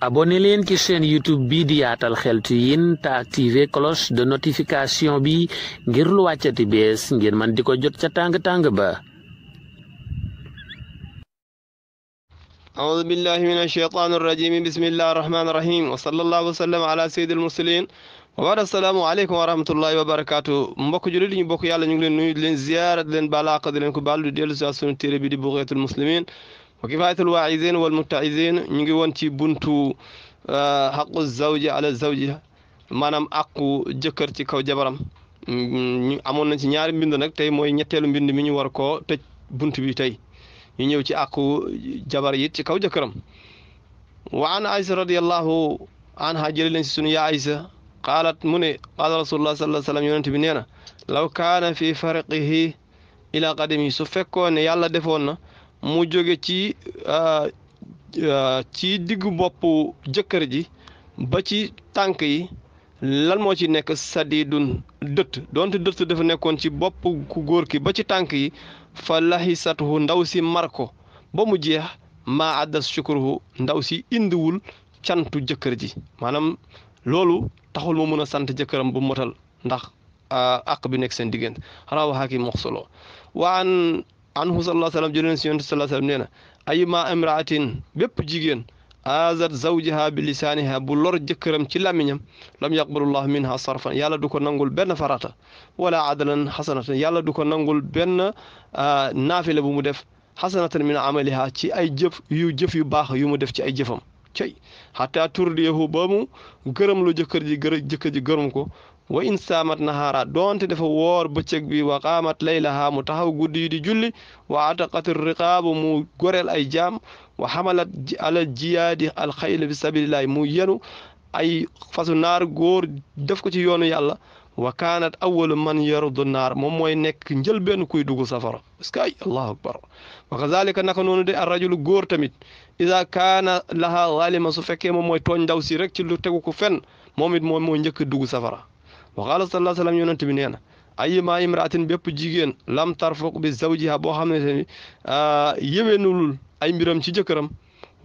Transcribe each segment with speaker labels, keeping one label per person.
Speaker 1: abonné leen ci chaîne youtube bi di yaatal xeltu yin te activé cloche de notification bi ngir lu wàccati bees ngir man di ko jot ca tàng-tàng ba أعوذ بالله من الشيطان الرجيم بسم الله الرحمن الرحيم وصلى الله وسلم على سيد المرسلين wabaada asalaamu aleykum wa rahmatullahi wa barakaatu mbokk jullit ñu bokk yàlla ñu ngi leen nuyu di leen ziyaara di leen baalaaq di di dellu si suñu téere bi di buxeetul muslimin wa kifayatul waaizin wal mutaisin ñu ngi woon ci buntu xaqu euh, zawji ala zawjiha maanaam aqu jëkkër ci kaw jabaram ñu amoon nañ ci ñaari mbind nag tey mooy ñetteelu mbind mi ñu war koo tëj bunt bi tey ñu ñëw ci àqu jabar yi ci kaw jëkkëram wa an aïsa radiallahu anha jëli leen si sunu ya aïsa qaalat mu ne qaala rasulullah sallallahu alayhi wa bi nee na law kaana fi farqihi ila qadimi su fekkoo ne yàlla defoon na mu jóge ci euh, euh, ci diggu boppu jëkkër ji ba ci tànk yi lan moo ci nekk sadidun dëtt donte dëtt dafa nekkoon ci boppu ku góor ki ba ci tànk yi fa laxisatuhu ndaw si mar ko ba mu jeex maa addas sukuruhu ndaw si indiwul cantu jëkkër ji maanaam loolu taxul mu mën a sant jëkkëram bu motal ndax euh, àq bi nekk seen diggante rawa hakim solo anhu sallallahu alayhi wa sallam jëlee si yonent sallallahu alayhi wa sallam nee na ayuma imraatin bépp jigéen aazat zawjaha bi lisaaniha bu lor jëkkëram ci làmmiñam lam yaqbalullah minha sarfan yàlla du ko nangul benn farata wala adalan xasanatan yàlla du ko nangul benn ah, naafila bu mu def xasanatan min amaliha ci ay jëf yu jëf yu baax yu mu def ci ay jëfam cey xataa turdiyahu ba mu gërëm lu jëkkër ji gërë jëkkër ji gërëm ko wa in saamat nahaara doonte dafa woor bëccëg bi wa qaamat laylaha mu taxaw guddi di julli wa ataqat riqaabu mu gorel ay jaam wa xamalat ala jiyaadi alxayl bi mu yenu ay fasu naar góor def ko ci yoonu yàlla wa kaanat awalu man yarudu naar moom mooy nekk benn kuy dugg safara parce que ay allahu akbar wa kazalika naka noonu de ar rajulu góor tamit ida kaana laha zalima su fekkee moom mooy tooñ ndaw si rek ci lu tegu ko fenn moom it moom mooy njëkk dugg safara wa qaala sallallahu alayhi wa sallam yonent bi nee na ayyuma imraatin bépp jigéen lam tarfuq bi zawjiha boo xam ne te ah, ni ay mbiram ci jëkkëram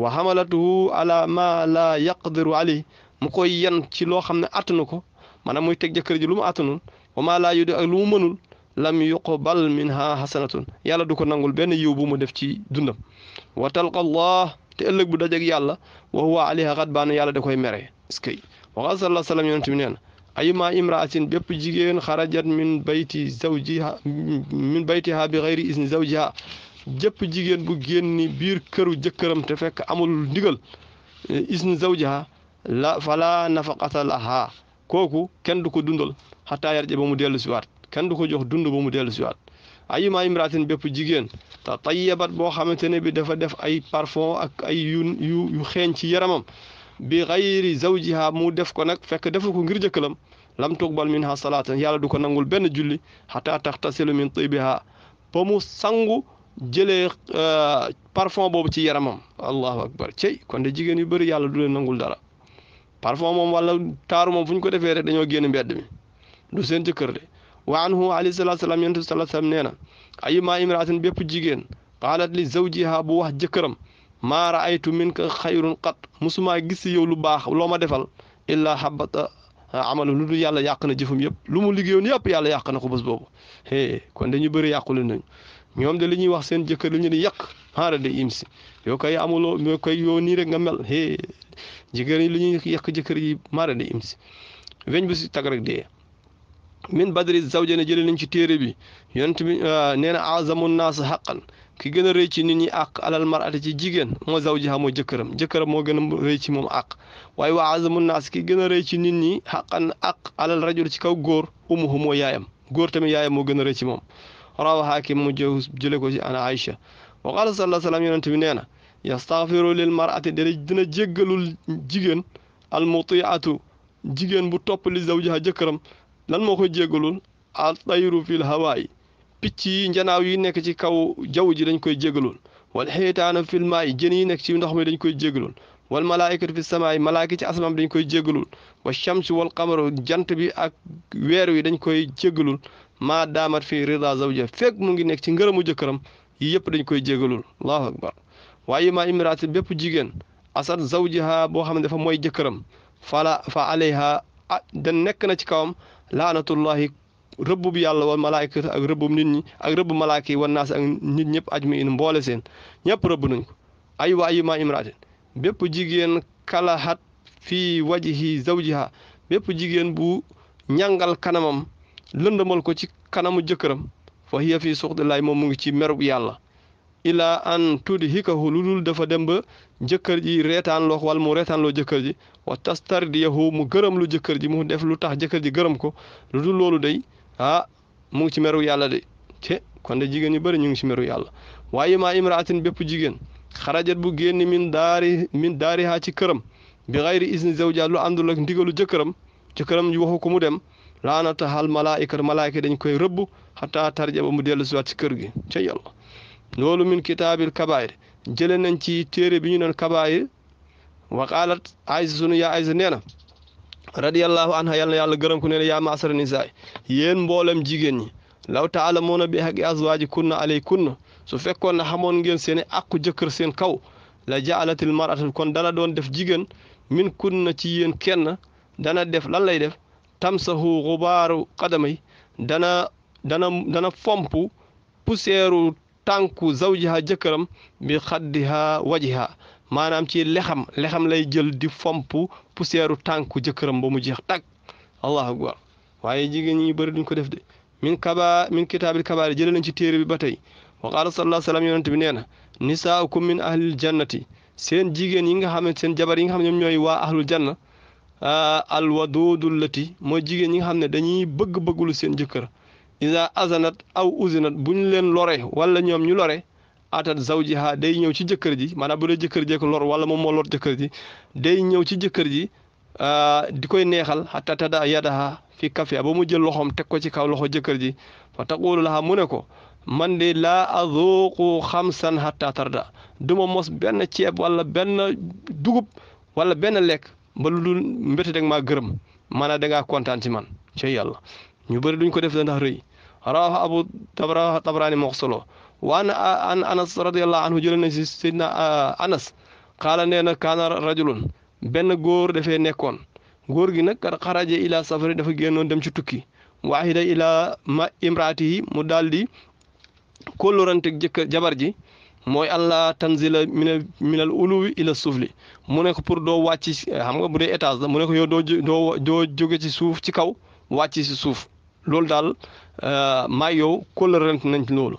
Speaker 1: wa hamalatuhu ala ma la yaqdiru alayhi mu koy yan ci loo xam ne attanu ko maanaam muy teg jëkkër ji lu mu attanul wa ma laa yudu ak lu mu mënul lam yuqbal minha hasanatun yàlla du ko nangul benn yiw bu mu def ci dundam wa talqa allah te ëllëg bu dajeeg yàlla wa huwa alayha xadbaan yàlla da koy mere iskay wa wa sallam ayuma imraatin bépp jigéen xarajat min bayti zawjiha min baytiha bi xayri isni zawjiha jëpp jigéen bu génni biir këru jëkkëram te fekk amul ndigal eh, isni zawjiha la fala nafaqata laha kooku kenn du ko dundal xataa yarje ba mu dellu siwaat kenn du ko jox dund ba mu dellu siwaat ayuma imraatin bépp jigéen te tayyabat boo xamante ne bi dafa def ay parfum ak ay yu yu xeeñ ci yaramam bi xayri zawjiha mu def ko nag fekk defu ko ngir jëkkëram lam tuqbal minha salaatan yàlla du ko nangul benn julli xataa taxtasilu min tibiha ba mu sangu jëlee euh, parfum boobu ci yaramam allahu akbar cey kon de jigéen yu bëri yàlla du leen nangul dara parfum moom wala taaru moom fu ñu ko defee rek dañoo génn mbedd mi du seen jëkkër de wa anhu alayhi salatu salaam salaam nee na ayuma imraatin bépp jigéen qaalat li zawjiha bu wax jëkkëram maa raaytu minka xayrun qat musumaa gis si yow lu baax loo ma defal illaa habata amalu lu dul yàlla yàq na jëfam yëpp lu mu liggéeyoon yëpp yàlla yàq na ko bés boobu hee kon dañu bëri yàqule nañu ñoom de li ñuy wax seen jëkkër li ñu ne yàq xaara de im si yoo koy amuloo yoo koy nii rek nga mel hee jigéen ñi li ñuy yàq jëkkër yi maara de im si weñ bu si tag rek dee min badri zawjana jëlee nañ ci téere bi yonent bi ah, nee na azamu naas xaqan ki gën a rëy ci nit ñi àq alal mar'ati ci jigéen moo zawjiha moo jëkkëram jëkkëram moo gën a rëy ci moom àq waay wa azamu naas ki gën a rëy ci nit ñi xaqan àq alal rajul ci kaw góor umuhu moo yaayam góor tamit yaayam moo gën a rëy ci moom rawa xaakim mu jële ko ci ana aïcha wa qala sallallahu alayhi wa sallam yonent bi nee na yastaghfiru lil mar'ati dina dina jéggalul jigéen al muti'atu jigéen bu topp li zawjiha jëkkëram lan moo koy jéggalul al picc yi njanaaw yi nekk ci kaw jaww ji dañ koy jégalool wal xeetaana filmaa yi jën yi nekk ci ndox mi dañu koy jégalool wal malaaykatu fi samaa yi malaaka ci asamaan bi dañ koy jégalool wa shamsi wal qamaru jant bi ak weer wi dañ koy jégalool maa daamat fi rida zawja fekk mu ngi nekk ci ngërëmu jëkkëram yi yëpp dañ koy jégalool allahu akbar waaye maa imraati bépp jigéen asat zawjiha boo xam ne dafa mooy jëkkëram fala fa alayha ah nekk na ci kawam laanatullahi rëbbub yàlla wa malaayka ak rëbbub nit ñi ak rëbb malaaka yi wan naas ak nit ñëpp aj mi in mboole seen ñëpp rëbb nañ ko ay waay yi maa imraatin bépp jigéen kalahat fii wajhi zawjiha bépp jigéen bu ñàngal kanamam lëndëmal ko ci kanamu jëkkëram fa hiya fii suxdillaay moom mu ngi ci merub yàlla ilaa an tudhikahu lu dul dafa dem ba jëkkër ji reetaan loo wala mu reetaan jëkkër ji wa tastardiyahu mu gërëm lu jëkkër ji mu def lu tax jëkkër ji gërëm ko loolu day ah mu ngi ci meru yàlla de te kon de jigéen ñu bëri ñu ngi ci meru yàlla waaye maa imraatin bépp jigéen xarajat bu génn min daari min daariha ci këram bi xayri isni zawja lu àndul ak ndigalu jëkkëram jëkkëram ñu waxu ko mu dem laanata hal malaayika malaayika dañ koy rëbb xataa tarja mu dellu siwaat ci kër gi ca yàlla loolu min kitaabil kabaayir jële nañ ci téere bi ñu naan kabaayir waqaalat aysa sunu yaa aysa nee na radiyallahu anha yàlla yàlla gërëm ku ne ne yaa maasara nisaay yéen mboolem jigéen ñi law taalamuuna bi haqqi azwaaji kunna alaykunna su fekkoon na xamoon ngeen seen i àqu jëkkër seen kaw la jaalatil maratu kon dana doon def jigéen min kunna ci yéen kenn dana def lan lay def tamsahu xubaaru qadamay dana dana dana fomp poussière tànku zawjiha jëkkëram bi xaddiha wajiha maanaam ci lexam lexam lay jël di fomp poussièru tànku jëkkëram ba mu jeex tag allahu akbar waaye jigéen ñi bëri duñ ko def de min kaba min kitaabil kabaari jëlee nañ ci téere bi ba tey wa qaala sallallahu salaam yonent bi nee na nisaaukum min ahlil jannati seen jigéen ñi nga xam seen jabar yi nga xam ne ñoom ñooy waa ahlul janna alwaduudul lati mooy jigéen ñi nga xam ne dañuy bëgg-bëggulu seen jëkkër iza azanat aw uzinat buñ leen lore wala ñoom ñu lore atan zawjiha day ñëw ci jëkkër ji maanaam bu dee jëkkër jee ko lor wala moom moo lor jëkkër ji day ñëw ci jëkkër ji euh, di koy neexal hatta tada yadaha fi kafiha ba mu jël loxoom teg ko ci kaw loxo jëkkër ji fa taqulu laha mu ne ko man de laa azuuqu xamsan hatta tarda du ma mos benn ceeb wala benn dugub wala benn lekk ba lu dul mbéte dag maa gërëm maanaam da ngaa kontaan ci man ci yàlla ñu bëri duñ ko def da ndax rëy rawaxa abu tabraani moo ko solo wa an an anas radiallahu anhu jëlee na si sidna anas xaala nee na kaana rajulun benn góor dafee nekkoon góor gi nag xaraja ila safari dafa génnoon dem ci tukki waahida ila ma imraatihi mu daal di kóllorante jëkkër jabar ji mooy allah tanzila minal minal uluwi ila suufli mu ne ko pour doo wàcc xam nga bu dee étage la mu ne ko yow doo doo doo jóge ci suuf ci kaw wàcc ci suuf loolu daal maa yow kóllorante nañ ci loolu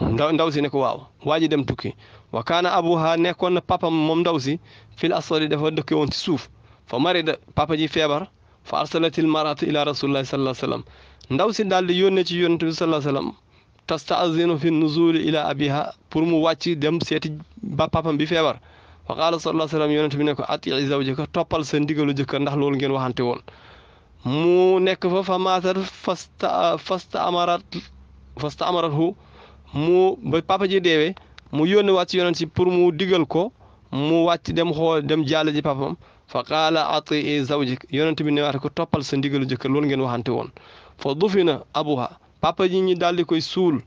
Speaker 1: ndaw ndaw si ne ko waaw waa ji dem tukki wa kaana abuha nekkoon na papam moom ndaw si fil asfali dafa dëkke woon ci suuf fa marida papa ji feebar fa arsalatil maratu ila rasulillahi sallallahu alayhi ndaw si daal di yónnee ci yonent bi sallallahu alayhi wasallam tastaazinu fi nuzuli ila abiha pour mu wàcc dem seeti ba papam bi feebar fa qaala sallallahu alayhi wasallam yonent bi ne ko ati toppal sa ndigalu jëkkër ndax loolu ngeen waxante woon mu nekk fa fa maatat fasta fasta amarat mu ba papa ji deewee mu yónni waat ci yonent si pour mu digal ko mu wàcc dem xool dem jàll ji papam fa qaala ati zawjik yonent bi ne waate ko toppal sa ndigalu jëkkër loolu ngeen waxante woon fa dufina abuha papa ji ñi daal di koy suul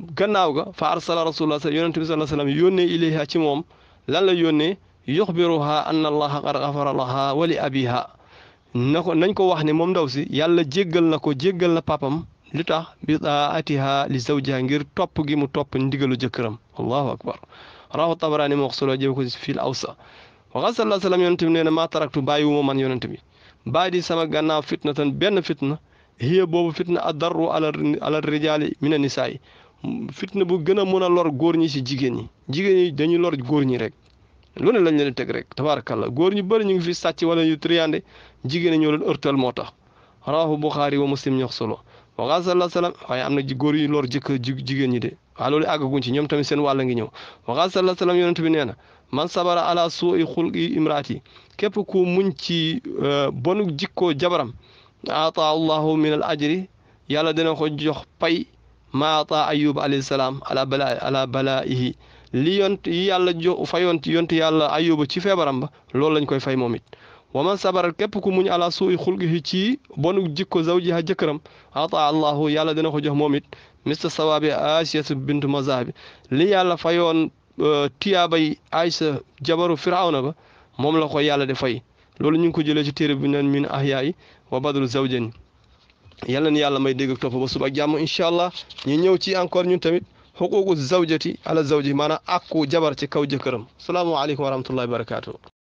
Speaker 1: gannaaw ga fa arsala rasulullah yonent bi sallallahu yónnee ilayha ci moom lan la yónnee yuxbiruha anna allaha qad gafara laha wa li abiha na ko nañ ko wax ne moom ndaw si yàlla jéggal na ko jéggal na papam li tax bi taatiha li zawjiha ngir topp gi mu topp ndigalu jëkkëram allahu akbar rawahu tabaraani moo ko solo jëme ko fil awsa waxa sallallahu sallam yonente bi nee na maa taraktu bàyyi wu ma man yonente bi bàyyi di sama gànnaaw fitna tan benn fitna hiya boobu fitna adarru ala ala rijaali mina nisaa yi fitna bu gën a mën a lor góor ñi si jigéen ñi jigéen ñi dañuy lor góor ñi rek lu ne lañ leen teg rek tabarakallah góor ñu bëri ñu ngi fi sàcc wala yu triande jigéen ñi moo tax rawahu buxaari wa muslim solo waqaala sallallahu alayhi wa waaye am na góor yu lor jëkk jigéen ñi de waaye loolu àggaguñ ci ñoom tamit seen wàll ngi ñëw waqaala sallallahu alayhi wa sallam yonent bi nee na man sabara ala suu'i xulqi imraati képp ku muñ ci euh, bonu jikkoo jabaram aata allahu min al ajri yàlla dina ko jox pay ma aata ayub alayhi salaam ala bala ala balaihi li yont yi yàlla jo fa yont yont yàlla ayuba ci feebaram ba loolu lañ koy fay moom it waman sabara képp ku mu muñ ala suuy xulqihi ci bonu jikko zawjiha jëkkëram ataa allahu yàlla dina ko jox moom it mista sawaabi asiyatu bintu mazaabi li yàlla fayoon uh, tiyaabay aysa jabaru firawna ba moom la ko yàlla de fay loolu ñu ngi ko jëlee ci téere bi naan min ahyaay wa badru zawjani yàlla na yàlla may dégg ak topp ba suba ak jàmm incha allah ñu ñëw ci encore ñun tamit xuquuqu zawjati ala zawji maanaam àqu jabar ci kaw jëkkëram salaamu aleykum wa rahmatullahi